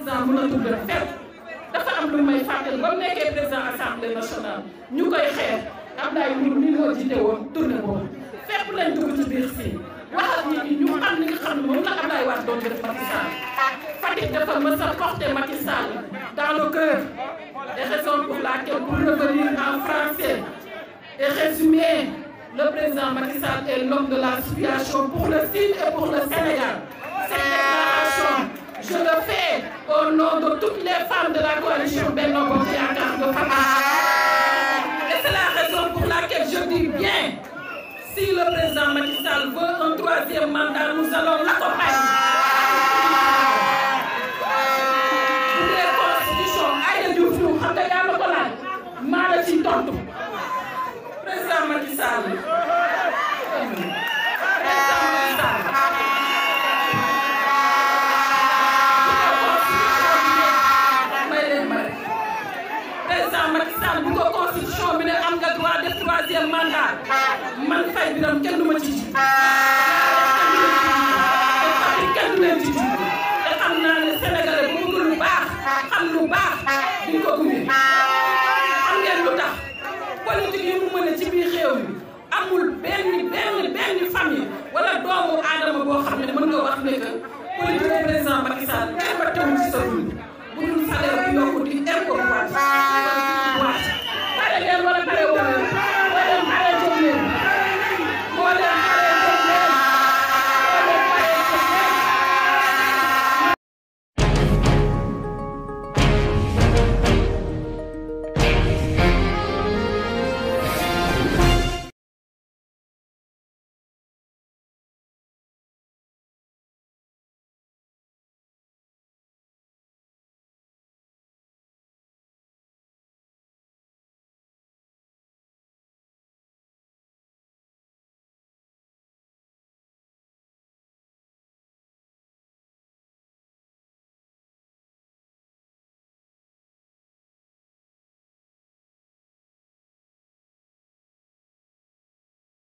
président mën a tudd rek fenn dafa am lu may fàttali ba mu nekkee président assemblée nationale ñu koy xeex Abdoulaye Ndour mi moo jiite woon tournée boobu fépp lañ dugg ci biir si waxal nit ñi ñu xam li nga xam ne moom la Abdoulaye Wade doon def Macky Sall Fatick dafa mës a porter Macky Sall dans le cœur et raison pour laquelle pour revenir en français et résumer le président Macky Sall est l'homme de la situation pour le Sine et pour le Sénégal. Cette déclaration au nom de toutes les femmes de la coalition Benno Bokk Yaakaar de Fapal. Et c'est la raison pour laquelle je dis bien, si le président Macky Sall veut un troisième mandat, nous allons l'accompagner. Pour les constitutions, Aïda Diouf ñu xam nga yaa ma ko laaj maa la ciy tontu. président Macky Sall bu ne am nga droit def troisième man Faye Birame kenn ma ci ji. kenn xam naa ne sénégalais baax xam lu baax duñ ko gunge xam ngeen tax politique yi mu mën a ci biir réew mi amul benn benn benn famille doomu aadama boo ne mën nga wax ne que politique président Macky Sall ba teewul ci sa dund bu dul salaire bu yokku